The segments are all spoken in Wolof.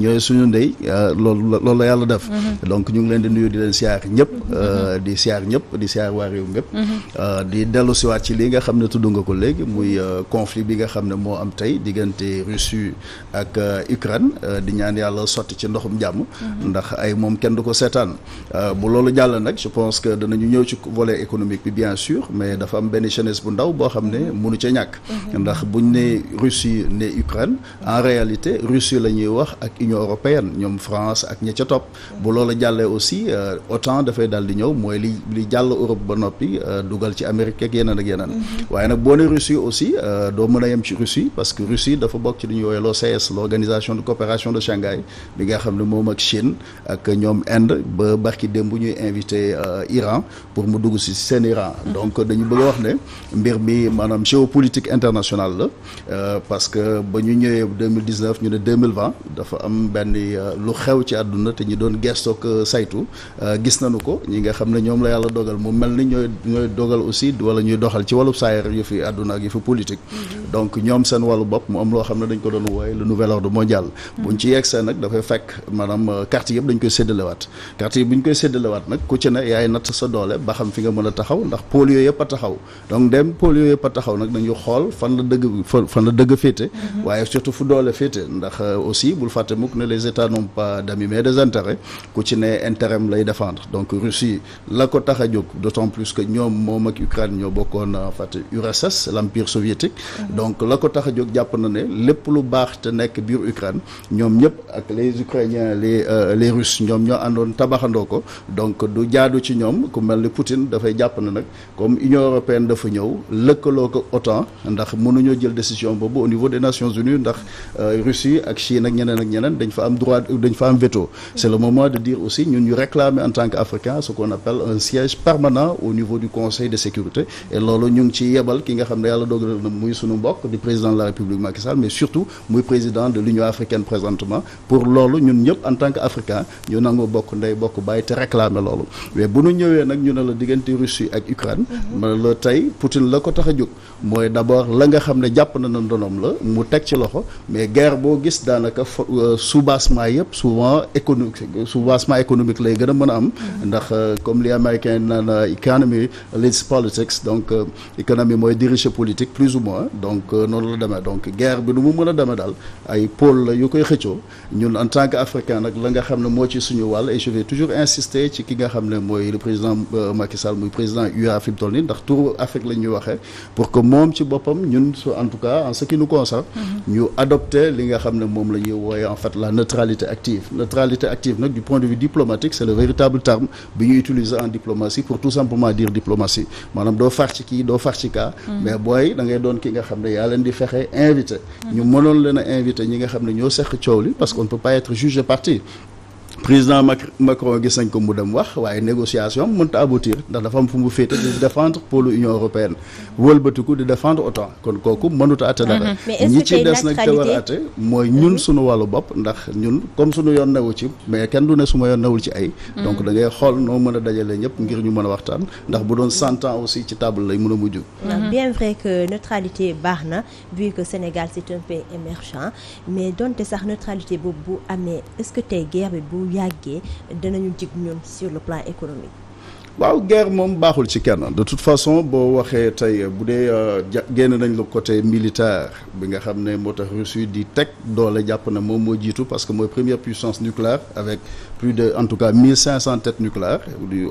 ñooy suñu ndey euh, loolu loolu la yàlla def mm-hmm. Mm-hmm. donc ñu ngi leen di nuyu di leen siyaar ñëpp mm-hmm. euh, di siyaar ñëpp di siyaar waa réew mépp euh, di dellu siwaat ci li nga xam ne tudd nga ko léegi muy conflit bi nga xam ne moo am tey diggante Russie ak Ukraine di ñaan yàlla sotti ci ndoxum jàmm ndax ay moom kenn du ko seetaan bu loolu jàll nag je pense que danañu ñëw ci volet économique bi bien sûr mais dafa am benn jeunesse bu ndaw boo xam ne mënu ca ñàkk ndax buñ ne Russie ne Ukraine en réalité Russie la ñuy wax union européenne ñoom France ak ña ca topp bu loola jàllee aussi autant euh, dafay daal di ñëw mooy li li jàll Europe ba noppi euh, dugal ci Amérique ak yeneen ak yeneen mm-hmm. waaye nag boo ne Russie aussi euh, doo mën a yem ci Russie parce que Russie dafa bokk ci li ñuy woowee l'OCS l'organisation de coopération de Shanghai bi nga xam ne moom ak Chine ak ñoom Inde ba barki démb bu ñuy invité Iran pour mu dugg si seen Iran mm-hmm. donc dañu bëgg wax ne mbir mi maanaam géopolitique internationale la parce que ba ñu ñëwee 2019 ñu ne dafa am am benn euh, lu xew ci àdduna te ñu doon gestoog euh, saytu euh, gis nañu ko ñi nga xam ne ñoom la yàlla dogal mu mel ni ñooy ñooy dogal aussi wala ñuy doxal ci wàllu saayar yu fi àdduna ak yu fi politique mm-hmm. donc ñoom seen wàllu bopp mu am loo xam ne dañ ko doon wooye le nouvel ordre mondial mm-hmm. buñ ci yegsee nag dafay fekk maanaam carte yëpp dañ koy séddalewaat carte yi buñ koy séddalewaat nag ku ci ne yaay natt sa doole ba xam fi nga mën a taxaw ndax pôle yooyu yëpp a taxaw donc dem pôle yooyu a taxaw nag nañu xool fan la dëgg fan la dëgg féete mm-hmm. waaye surtout fu doole féete ndax aussi mukk ne les états n'ont pas mais des intérêts ku ci ne intérêt lay défendre donc Russie la ko tax a jóg d'autant plus que ñoom moom ak Ukraine ñoo bokkoon en fait URSS l'empire soviétique mhm. donc la ko tax a jóg jàpp na ne lépp lu baax te nekk biir Ukraine ñoom ñëpp ak les Ukrainiens les euh, les Russes ñoom ñoo àndoon tabaxandoo ko donc du jaadu ci ñoom ku mel ni Poutine dafay jàpp na nag comme Union européenne dafa ñëw lëkkaloo ko OTAN ndax mënuñoo jël décision boobu au niveau des Nations Unies ndax euh, Russie ak Chine ak ñeneen ak ñeneen africaine dañ fa am veto c'est le moment de dire aussi ñun ñu réclamer en tant qu'africain ce qu'on appelle un siège permanent au niveau du conseil de sécurité loolu ñu ci yebal ki nga xam ne yàlla dogal na muy sunu mbokk di président de la république Macky mais surtout muy président de l'union africaine présentement pour loolu ñun ñëpp en tant qu'africain ñu nangu bokk ndey bokk bàyyi te réclamer loolu mais bu ñu ñëwee nag ñu ne la diggante Russie mhm. a soubassement yëpp souvent économique soubassement économique lay gën a mën a am ndax euh, comme li américain naan euh, economy leads politics donc économie euh, mooy diriger politique plus ou moins donc noonu la demee donc guerre bi lu mu mën a demee daal ay pole la yu koy xëccoo ñun en tant que africain nag la nga xam ne moo ci suñu wàll et je vais toujours insister ci ki nga xam ne mooy le président Macky Sall muy président UA fi mu toll nii ndax turu Afrique la ñuy waxee pour que moom ci boppam ñun en en ce qui nous concerne mm-hmm. ñu li nga xam ne moom la ñuy fait la neutralité active neutralité active nag du point de vue diplomatique c'est le véritable terme bi ñu utiliser en diplomatie pour tout simplement dire diplomatie maanaam doo far ci kii doo far ci kaa mm. mais booy da doon ki nga xam ne yaa leen di fexe invité mm. ñu mënoon leen a invité ñi nga xam ne ñoo seq coow li parce qu'on ne peut pas être jugé parti président Macron gis nañ ko mu dem wax waaye négociation mënta aboutir ndax dafa am fu mu féete di défendre pôle union européenne wëlbatiku di défendre OTAN kon kooku mënuta atte dara mm-hmm. ñi ci des nag te a atte mooy ñun mm-hmm. suñu wàllu bopp ndax ñun comme suñu yoon newu ci mais kenn du ne su ma yoon newul ci ay mm-hmm. donc da ngay xool noo mën a dajale ñëpp ngir ñu mën a waxtaan ndax bu doon cent ans aussi ci table lay mën a mujj bien vrai que neutralité baax na vu que Sénégal c'est un pays émergent mais donte sax neutralité boobu bu amee bu yàggee dinañu jig ñun sur le plan économique. waaw guerre moom baaxul ci kenn de toute façon boo waxee tey bu dee euh, génn nañ la côté militaire bi nga xam ne moo tax Russie di teg doole jàpp na moom moo jiitu parce que mooy première puissance nucléaire avec plus de en tout cas 1500 têtes nucléaires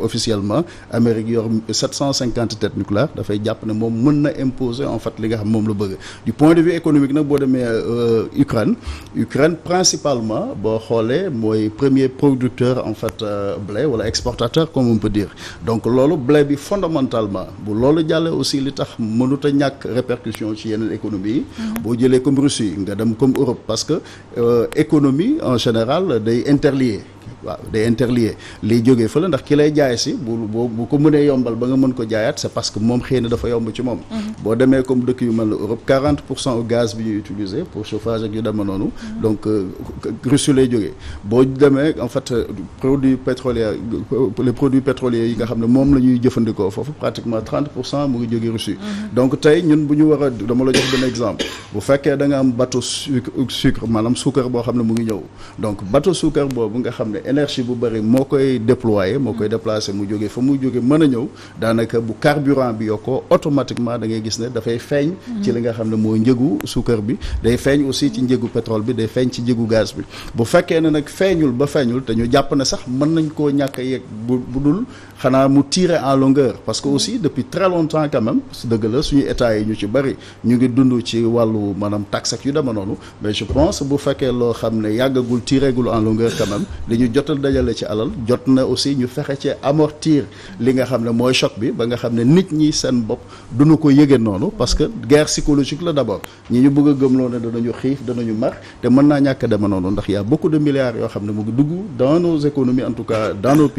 officiellement Amérique yor 750 têtes nucléaires dafay jàpp ne moom mën na imposer en fait li nga xam moom la bëgg du point de vue économique nag boo demee euh, Ukraine Ukraine principalement boo xoolee mooy premier producteur en fait euh, blé wala exportateur comme on peut dire donc loolu blé bi fondamentalement bu loolu jàllee aussi li tax mënut a ñàkk répercussion ci yeneen économie yi mm-hmm. boo jëlee comme Russie nga dem comme Europe parce que euh, économie en général day interlié waaw day interlié liy jógee fële ndax ki lay jaay si bu bu ko mënee yombal ba nga mën ko jaayaat c'est parce que moom xëy na dafa yomb ci moom mm-hmm. boo demee comme dëkk yu mel ne Europe 40 pour mm-hmm. euh, jógee boo demee en fait euh, produits pétroliers les produits pétroliers yi nga xam ne moom la ñuy jëfandikoo foofu pratiquement 30 pour cent mu ngi jógee Russie mm-hmm. donc tey ñun bu ñu war a dama la jox benn exemple bu fekkee da nga am bateau sucre maanaam suukar boo xam ne mu ngi ñëw donc énergie bu bëri moo koy déployer moo koy déplacer mu jóge fa mu jóge mën a ñëw daanaka bu carburant bi yokkoo automatiquement da ngay gis ne dafay feeñ ci li nga xam ne moo njëgu suukar bi day feeñ aussi ci njëgu pétrole bi day feeñ ci njëgu gaz bi bu fekkee ne nag feeñul ba feeñul te ñu jàpp ne sax mën nañ koo ñàkk a bu bu dul xanaa mu tiire en longueur parce que aussi depuis très longtemps quand même dëgg la suñu état yi ñu ci bëri ñu ngi dund ci wàllu maanaam taxe ak yu dema noonu mais je pense bu fekkee loo xam ne yàggagul tireegul en longueur quand même li ñu jotal dajale ci alal jot na aussi ñu fexe ci amortir li nga xam ne mooy choc bi ba nga xam ne nit ñi seen bopp nu ko yëgee noonu parce que guerre psychologique la d'abord ñi ñu bëgg a gëmloo ne danañu xiif danañu mar te mën naa ñàkk a deme noonu a beaucoup de yoo xam ne mu ngi dugg dans nos en tout cas dans nos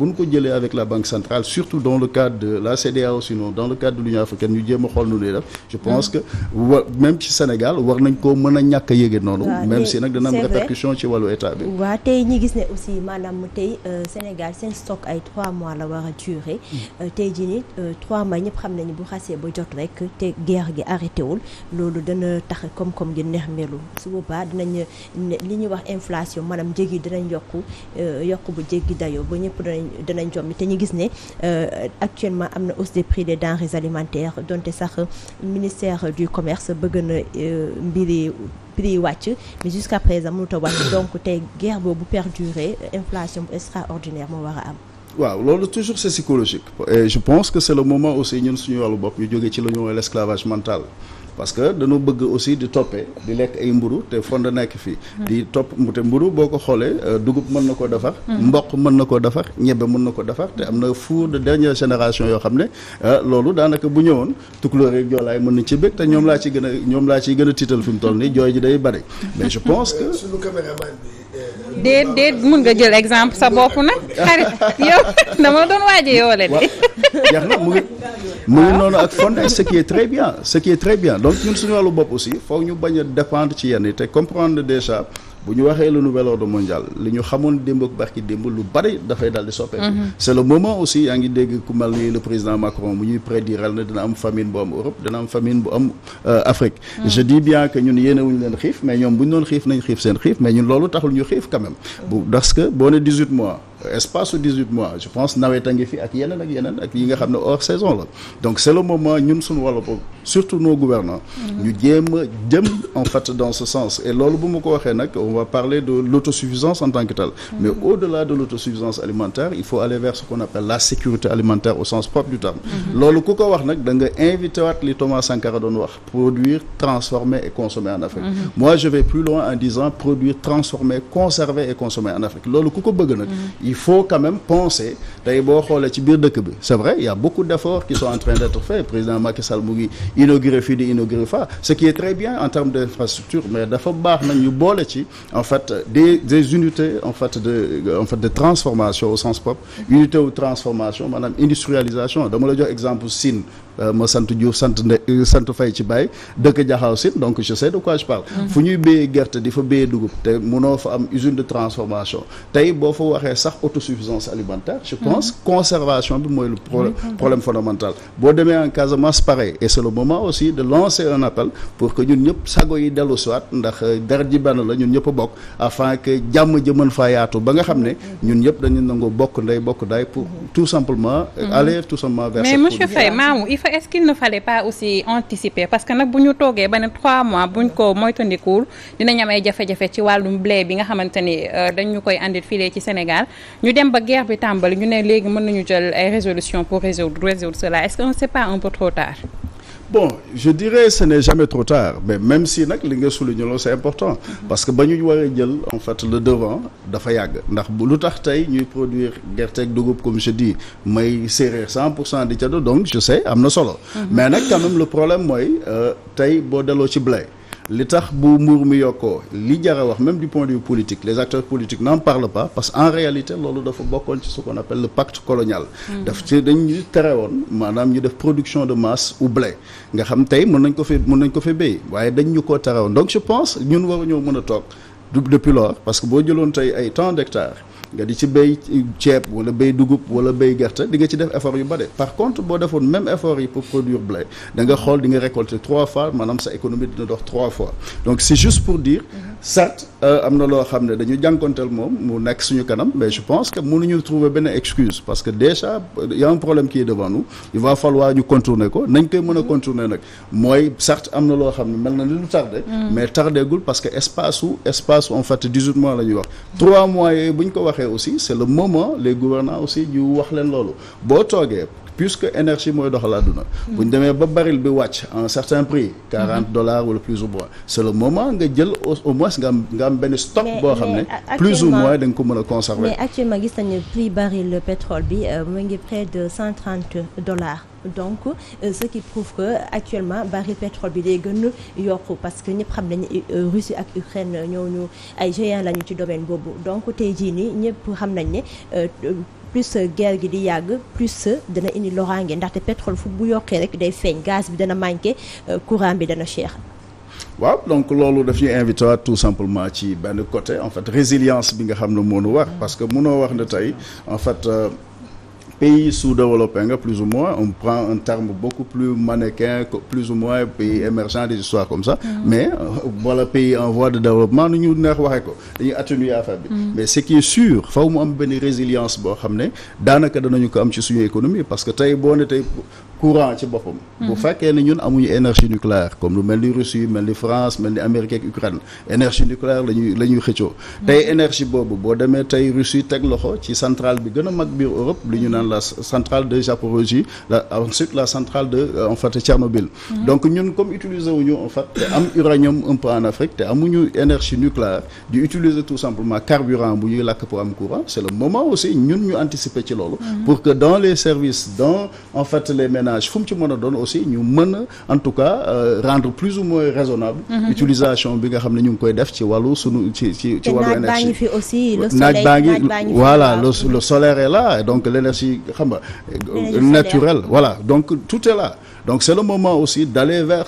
bu ñu ko jëlee avec la banque centrale surtout dans le cadre de la CEDEAO sinon dans le cadre de l'Union africaine ñu jéem a nu ñuy def je pense que wa même ci Sénégal war nañ koo mën a ñàkk yéege noonu même si nag dana am répercussion ci wàllu état bi waaw tey ñi gis ne aussi maanaam tey euh, Sénégal seen stock ay 3 mois la war a durer mm. euh, tey jii nii 3 euh, mois ñëpp xam nañu bu xasee ba jot rek te guerre gi arrêté wul loolu dana tax koom-koom gi neex melu su boobaa dinañ li ñuy wax inflation maanaam njëg yi dinañ yokku yokk bu danañ dinañ jommi te ñu gis ne euh, actuellement am na hausse des prix des denrées alimentaires donte sax ministère du commerce bëgg na euh, mbiri prix yi wàcc mais jusqu'à présent mënut te wàcc donc tey guerre boobu perdurer inflation bu extraordinaire moo war a am waaw loolu toujours c'est psychologique et je pense que c'est le aussi ñun suñu wàllu bopp ñu jógee ci la ñu woowee l'esclavage mental parce que dañoo bëgg aussi di toppe di lekk ay mburu te fond nekk fii hmm. di topp te mburu boo ko xoolee euh, dugub mën na ko defar hmm. mboq mën na ko defar ñebbe mën na ko defar te am na four de dernière génération yoo xam ne euh, loolu daanaka bu ñëwoon tukulóor ak laay mën na ci bëgg te ñoom laa ci gën a ñoom laa ciy gën a tiital fi mu toll nii jooy ji day bari pense déet déet mun nga jël exemple sa bopp nag xarit yow dama doon waaj a yoole de. jeex na mu ngi mu ngi noonu ak fonde ce qui est très bien ce qui est très bien donc ñun suñu wàllu bopp aussi foog ñu bañ a dépendre ci yenn yi te comprendre déjà. bu ñu waxee le nouvel ordre mondial li ñu xamoon démb ak barki démb lu bari dafay daal di soppeeku. Mhm. c' le moment aussi yaa ngi dégg ku mel ni le président Macron mu ñuy prédiral na dina am famine bu am Europe dina am famine bu am euh, Afrique. Mhm. je bien que ñun yéene leen xiif mais ñoom bu ñu doon xiif nañ xiif seen xiif mais ñun loolu taxul ñu xiif quand même. Mhm. bu parce que boo ne 18 mois. espace su 18 mois je pense nawet a ngi fi ak yeneen ak yeneen ak yi nga xam ne hors saison la donc c'est le moment ñun suñu wàllu surtout nos gouvernants ñu jéem jëm en fait dans ce sens et loolu bu ma ko waxee nag on va parler de l'autosuffisance en tant que telle mm-hmm. mais au-delà de l'autosuffisance alimentaire il faut aller vers ce qu'on appelle la sécurité alimentaire au sens propre du terme mm-hmm. loolu ku ko wax nag da nga li Thomas Sankara faut quand même tey boo xoolee ci biir dëkk bi c' est vrai il y a beaucoup d' efforts en train d' être président Macky mu ngi inauguré fii di inauguré fa ce qui est très bien en termes d' mais dafa baax nag ñu ci en fait des unités en fait de en fait de transformation au sens propre unité ou transformation maanaam industrialisation dama la jox exemple Sine euh, ma sant Diouf sant nde euh, sant Faye ci Baye dëkk Jaxaaw Sine donc je sais de quoi je parle mm-hmm. fu de transformation tey boo auto autosuffisance alimentaire je pense conservation bi mooy le problème fondamental boo demee en Casamance pareil et c'est le moment aussi de lancer un appel pour que ñun ñëpp sago yi dellu soit ndax euh, dara ji benn la ñun ñëpp bokk afin que jàmm ji mën faa yaatu ba nga xam ne ñun ñëpp dañu nangu bokk ndey bokk daay pour tout simplement euh, mhm. aller tout simplement vers mais monsieur Faye Mamou il faut que nag bu ñu toogee ba ne trois mois buñ ko moytandikuwul dinañ am ay jafe ci wàllum blé bi nga xamante ni euh, dañ ñu koy andil fii ci Sénégal ñu dem ba guerre bi tàmbali ñu ne léegi mën nañu jël ay résolution pour résoudre résoudre cela est-ce que c'est pas un peu trop tard bon je dirais ce n'est jamais trop tard mais même si nag li nga souligné loolu c'est important parce que ba ñu war a jël en fait le devant dafa yàgg ndax lu tax tey ñuy produire gerte ak dugub comme je dis may séeréer cent pour cent di ca donc je sais am na solo mhm. mais nag quand même le problème mooy euh, tey boo delloo ci blé li tax bu mbuur mi yokkoo li jara wax même du point de vue politique les acteurs politiques n'en parlent pas parce que en réalité loolu dafa bokkoon ci ce qu'on appelle le pacte colonial hmm. daf ci dañu tere woon maanaam ñu def production de masse ou blé nga xam tey mën nañ ko fi mën nañ ko fi béy waaye dañ ñu koo tere woon donc je pense ñun waruñoo mën a toog depuis lors parce que boo jëloon tey ay tant d'hectares nga di ci béy ceeb wala béy dugub wala béy gerte di nga ci def effort yu bare par contre boo defoon même effort yi pour produire blé da xool di nga récolter trois fois maanaam sa économie dina dox trois fois donc c'est juste pour dire. Mhm. certes euh, am na loo xam ne dañu jànkonteel moom mu nekk suñu kanam mais je pense que mënuñu trouver benn excuse parce que déjà y a problème kii est devant nous il va falloir ñu contourner ko nañ koy mën a contourner nag mooy sart am na loo xam ne mel na ni lu tardé mm. mais tardégul parce que espace su espace en fait 18 mois la ñuy wax trois mois yooyu bu ñu ko waxee aussi c'est le moment les gouvernants aussi ñu wax leen loolu boo toogee que énergie mooy doxal àdduna bu ñu demee ba baril bi wàcc à un certain prix quarante dollars wala plus ou moins c'est le moment nga jël au mois nga am nga am benn stock boo xam ne plus ou moins da nga ko mën a conserver mais actuellement gis nañu prix baril le pétrole bi euh, mu ngi près de cent trente dollars donc euh, ce qui prouve que actuellement baril pétrole bi day gën yokk parce que ñëpp xam nañu euh, Russie ak Ukraine ñu ay géants lañu ci domaine boobu donc tey jii nii ñëpp xam nañ ne euh, plus guerre gi di yàgg plus dana indi loraange ndaxte pétrole fu bu yokkee rek day feeñ gaz bi dana manqué euh, courant bi dana cher. waaw donc loolu daf ñuy invité waat tout simplement ci benn côté en fait résilience bi nga xam ne moo nu war parce que mënoo wax ne tey en fait. Euh, pays sous-développé nga plus ou moins on prend un terme beaucoup plus manichéen que plus ou moins pays émergent des histoires comme ça mm. mais voilà euh, pays en voie de développement nu ñu neex waxee ko dañuy atténuer affaire bi mm. mais ce qui est sûr faw mu am benn résilience boo xam ne daanaka danañu ko am ci suñu économie parce que tey boo ne tey courant ci boppam. bu mhm. fekkee ne ñun amuñu énergie nucléaire comme lu mel ni Russie mel ni France mel ni Amérique ak Ukraine énergie nucléaire la xëccoo. Mhm. tey énergie boobu boo demee tey Russie teg loxo ci centrale bi gën a mag biir Europe li ñu naan la centrale de Japorogie la ensuite la centrale de euh, en fait Tchernobyl. Mhm. donc ñun comme utiliser wuñu en fait te am uranium un peu en Afrique te amuñu énergie nucléaire di utiliser tout simplement carburant bu ñuy làkk pour am courant c'est le moment aussi ñun ñu anticiper ci loolu. ménage fu mu ci mën a doon aussi ñu mën a en tout cas euh, rendre plus ou moins raisonnable mhm. utilisation bi nga xam ne ñu ngi koy def ci wàllu sunu ci ci ci wàllu le solaire est donc l'énergie xam nga naturelle voilà donc tout est donc c'est le moment aussi d'aller vers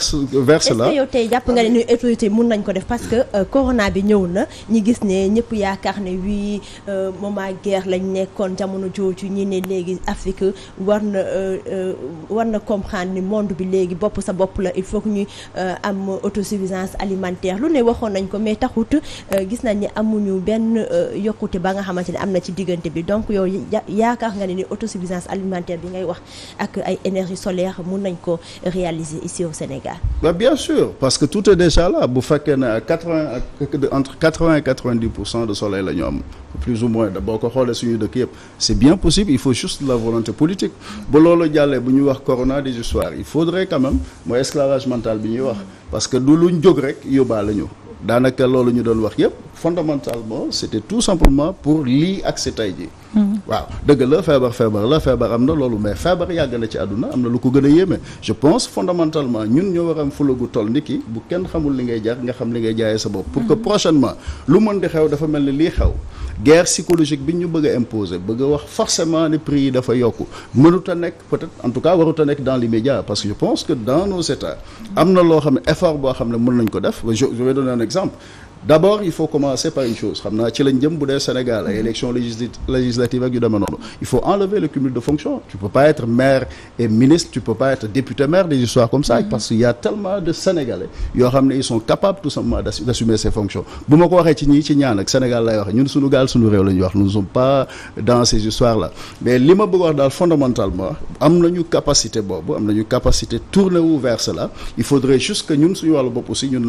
vers cela. est yow tey jàpp nga ne autorité mun nañ ko def parce que euh, corona bi ñëw na ñi gis ne ñëpp yaakaar ne wii euh, moment guerre lañ nekkoon jamono jooju ñi ne léegi Afrique war na euh, war na comprendre ni monde bi léegi bopp sa bopp la il faut que ñuy am autosuffisance alimentaire lu ne waxoon nañ ko mais taxut gis nañ ni amuñu benn yokkute ba nga xamante ne am na ci diggante bi donc yow yaakaar nga ne ni autosuffisance alimentaire bi ngay wax ak ay énergie solaire mun nañ ko ko réaliser ici au Sénégal. bien sûr parce que tout est déjà là bu fekkee ne à quatre vingt ak entre et quatre vingt dix pour cent de soleil la ñu am plus ou moins boo ko xoolee suñu dëkk yëpp c' est bien possible il faut juste de la volonté politique ba loolu jàllee bu ñuy wax corona des histoires il faudrait quand même mooy esclavage mental bi ñuy wax parce que du luñ jóg rek yóbbaale ñu. daanaka loolu ñu doon wax yëpp fondamentalement c'était tout simplement pour lii ak si tey ji hmm. waaw dëgg la feebar feebar la feebar am na loolu mais feebar yàgg na ci àdduna am na lu ko gën a yéeme je pense fondamentalement ñun ñoo war a fula gu toll ni ki bu kenn xamul li ngay jar nga xam li ngay jaayee sa bopp pour que hmm. prochainement lu mën di xew dafa mel ni lii xew guerre psychologique bi ñu bëgg imposé imposer bëgg a wax forcément ne prix yi dafa yokku mënut a nekk peut-être en tout cas warut nekk dans l'immédiat parce que je pense que dans nos états am na loo xam ne effort boo xam ne mën nañ ko def je vais donner un exemple d'abord il faut commencer par une chose xam naa ci lañ jëm bu dee Sénégal ay élections législatives ak yu demee noonu il faut enlever le cumul de fonction tu peux pas être maire et ministre tu peux pas être député maire des histoires comme ça mm-hmm. parce qu'il y a tellement de Sénégalais yoo xam ne ils sont capables tout simplement d'assumer ces fonctions bu ma ko waxee ci ñii ci ñaan ak Sénégal lay wax ñun suñu gaal suñu réew la wax nous ne pas mais li ma bëgg wax daal fondamentalement am nañu capacité boobu am nañu capacité tourner wu vers cela il faudrait ñun suñu wàllu bopp aussi ñun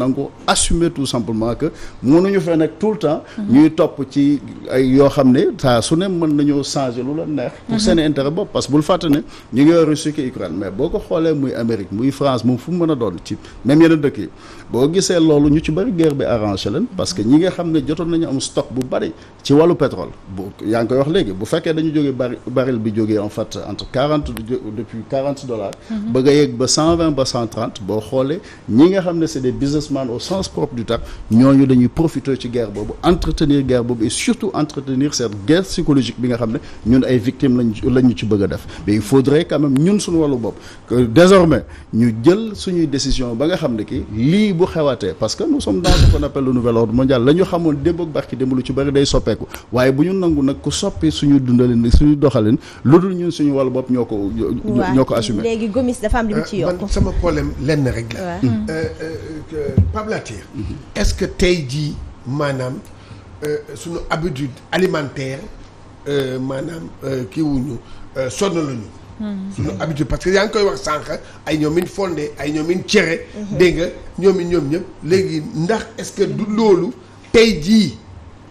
mënuñu fee nag tout le temps. ñuy topp ci ay yoo xam ne saa su ne mën nañoo changer lu la neex. pour mhm. seen intérêt bopp parce que bul fàtte ne ñu ngi Russie ak Ukraine mais boo ko xoolee muy Amérique muy France moom fu mu mën a doon ci même yeneen dëkk yi. boo gisee loolu ñu ci bëri guerre bi arrangé leen parce que ñi nga xam ne jotoon nañu am stock bu bëri ci wàllu pétrole bu yaa ngi koy wax léegi bu fekkee dañu jógee bari baril bi jógee en fait entre quarante depuis quarante dollars. Mhm. bëgg a yegg ba ba boo xoolee ñi nga xam ne c'est des businessmen au sens propre du terme ñooñu dañuy profiter ci guerre boobu entretenir guerre boobu et surtout entretenir cette guerre psychologique bi nga xam ne ñun ay victimes ñu ci bëgg a def mais suñu wàllu bopp désormais ñu jël suñuy décision ba nga xam ne bu xewatee parce que nous sommes dans ce qu'on appelle le nouvel ñu xamoon démb ak barki démb lu ci bëri day soppeeku waaye bu ñu nangu nag ku soppi suñu dundalin suñu doxalin lu dul ñun suñu wàllu bopp ñoo ko. ñoo ko assumé léegi Gomis dafa am li mu ci euh, yokk. man rek la. Euh, euh, mhm. est-ce que tey jii maanaam suñu habitude alimentaire maanaam kii wuñu sonn lañu suñu habitude parce que yaa ngi koy wax sànq ay ñoomin fondé ay ñoomin cere mhm. dégg nga ñoomin ñoom ñëpp léegi ndax est-ce que du loolu tey jii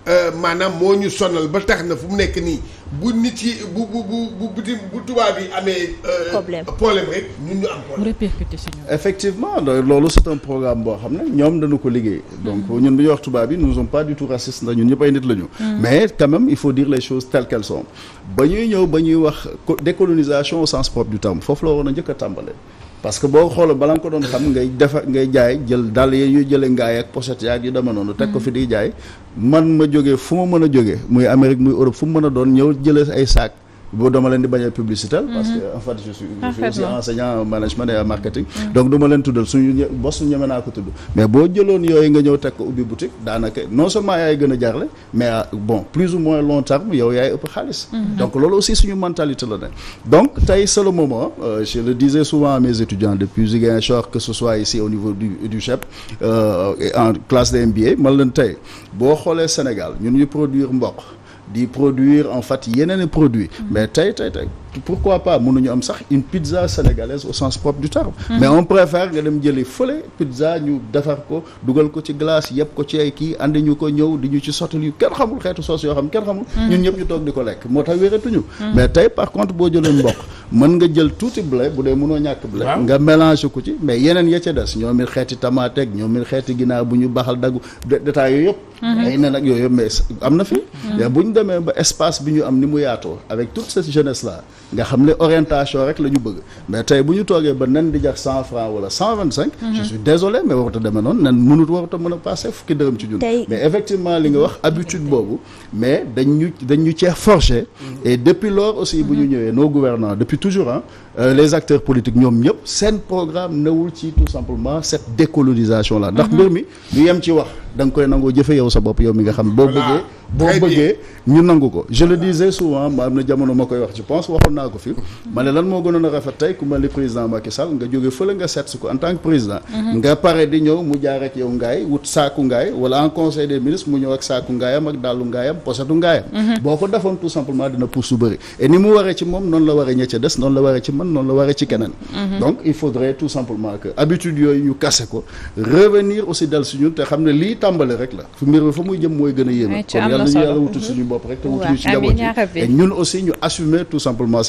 Euh, maanaam moo ñu sonal ba tax na fu mu nekk nii bu nit yi bu bu bu bu bu tubaab yi amee. Euh, problème problème rek ñun ñu am problème. mu répercuté effectivement loolu c'est un programme boo xam ne ñoom dañu ko liggéey. donc mm. ñun bu ñu wax tubaab yi nous ne sommes pas du tout racistes ndax ñun ñëpp ay nit la ñu. Mm. mais quand même il faut dire les choses telles qu'elles sont. ba ñuy ñëw ba ñuy wax décolonisation au sens propre du terme foofu la waroon a njëkk a tàmbalee. parce que boo xoolee bala nga ko doon xam ngay defa ngay jaay jël dàll yi ñuy jëlee ngaay ak pochette yaak yu dama noonu teg ko fi di jaay man ma jóge fu ma mën a jógee muy Amérique muy Europe fu mu mën a doon ñëw jëlee ay saak boo dama leen di bañ a publicité parce que mhm. en fait je suis je suis aussi management et marketing donc du ma leen tuddal su bos ñeme naa ko tudd mais boo jëloon yooyu nga ñëw teg ko ubbi boutique daanaka non seulement yaay gën a jarle mais ah, bon plus ou moins long terme yow yaay ëpp xaalis mhm. donc loolu aussi suñu mentalité la ne donc tey c'est le moment euh, je le disais souvent à mes étudiants depuis Ziguinchor que ce soit ici au niveau du du CHEP euh, en classe de MBA man leen tey boo xoolee Sénégal ñun ñu produire mboq di produire en fait yeneen i produit mm. mais tey tey tey pourquoi pas mënuñu am sax une pizza sénégalaise au sens propre du terme. Mm-hmm. mais on préfère nga dem jëlee fële pizza ñu defar ko dugal ko ci glace yëpp ko ci ay kii andi ñu ko ñëw di ñu ci sottal yu kenn xamul xeetu soos yoo xam kenn xamul. Mm-hmm. ñun ñëpp ñu toog di ko lekk moo tax wératuñu. Mm-hmm. mais tey par contre boo jëlee mboq mën nga jël tuuti blé bu dee mënoo ñàkk blé. nga mélange ko ci mais yeneen ya ca des ñoom xeeti tamaate ak xeeti ginnaaw bu ñu baxal daggu détails yooyu yëpp. ay bi am ni mu yaatoo avec toute nga xam ne orientation rek la ñu bëgg mais tey bu ñu toogee ba nen di jar cent franc wala cent vingt cinq mhm. je suis mais effectivement li nga wax habitude boobu mais dañ ñu dañ ñu cee forger mhm. et depuis lors aussi bu ñu mhm. ñëwee nos gouvernants depuis toujours ah les acteurs politiques ñoom ñëpp seen programme newul ci tout simplement cette décolonisation là ndax mbir mi du yem ci wax da nga koy nangoo jëfe yow sa bopp yow mi nga xam boo bëggee boo bëggee ñu nangu ko naa ma ne lan moo gënoon a rafet tey ku mel président Macky Sall nga jóge fële nga seet si ko en tant que président mhm. nga pare di ñëw mu jaar ak yow ngaay wut saaku ngaay wala en conseil des ministres mu ñëw ak saaku ngaayam ak dàllu ngaayam posetu ngaayam mhm. boo ko defoon tout simplement dina pousse su bëri et ni mu waree ci moom noonu la waree ña des noonu la waree ci man noonu la waree ci keneen mhm. donc il faudrait tout simplement que habitude yooyu ñu kase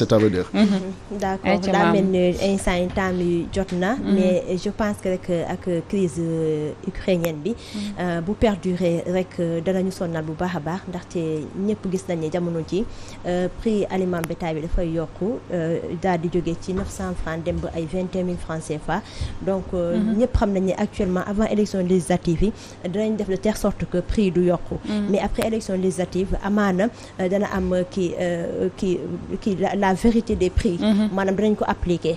a cet avenir. Mm-hmm. Mm-hmm. daa mel ni instant yi temps jot na. Mm-hmm. mais je pense que rek ak crise euh, ukrainienne bi. Euh, bu perdurer rek euh, danañu sonnal bu baax a baax ndaxte ñëpp gis nañ ne jamono ji prix aliment bétail bi dafay yokku daal di jóge ci cent francs dem ba ay 21 000 francs CFA. donc ñëpp xam nañ ne actuellement avant élection législative yi danañ def de telle sorte que prix du yokku. mais après élection législative amaana dana am kii kii la. la vérité des prix mhm. maanaam dinañ ko appliquer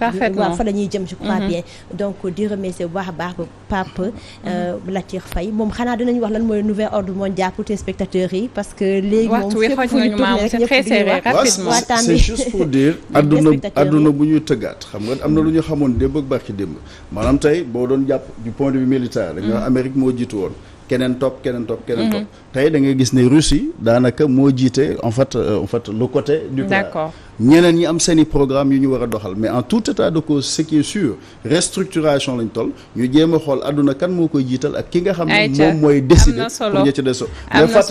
parfaitement waaw fa la ñuy jëm ci crois mhm. bien donc di remercier bu baax a baax Pape euh, Latir Faye moom xanaa dinañ wax lan mooy nouvel ordre mondial pour téléspectateurs yi parce que léegi moom fépp fu ñu tourné rek c'est juste pour dire adduna bu ñuy tëggaat xam nga am na lu ñu xamoon démb ak barki démb maanaam tey boo doon jàpp du point de vue militaire mm. Amérique moo jiitu woon keneen topp keneen topp keneen mhm. topp tey da ngay gis ne Russie daanaka moo jiite en fat euh, en fait le côté nucléaire ñeneen ñi am seeni programme yu ñu war a doxal mais en tout état de cause ce qui est sûr restructuration lañ toll ñu jéem a xool àdduna kan moo koy jiital ak ki nga xam ne moom mooy décider pour ña ci deso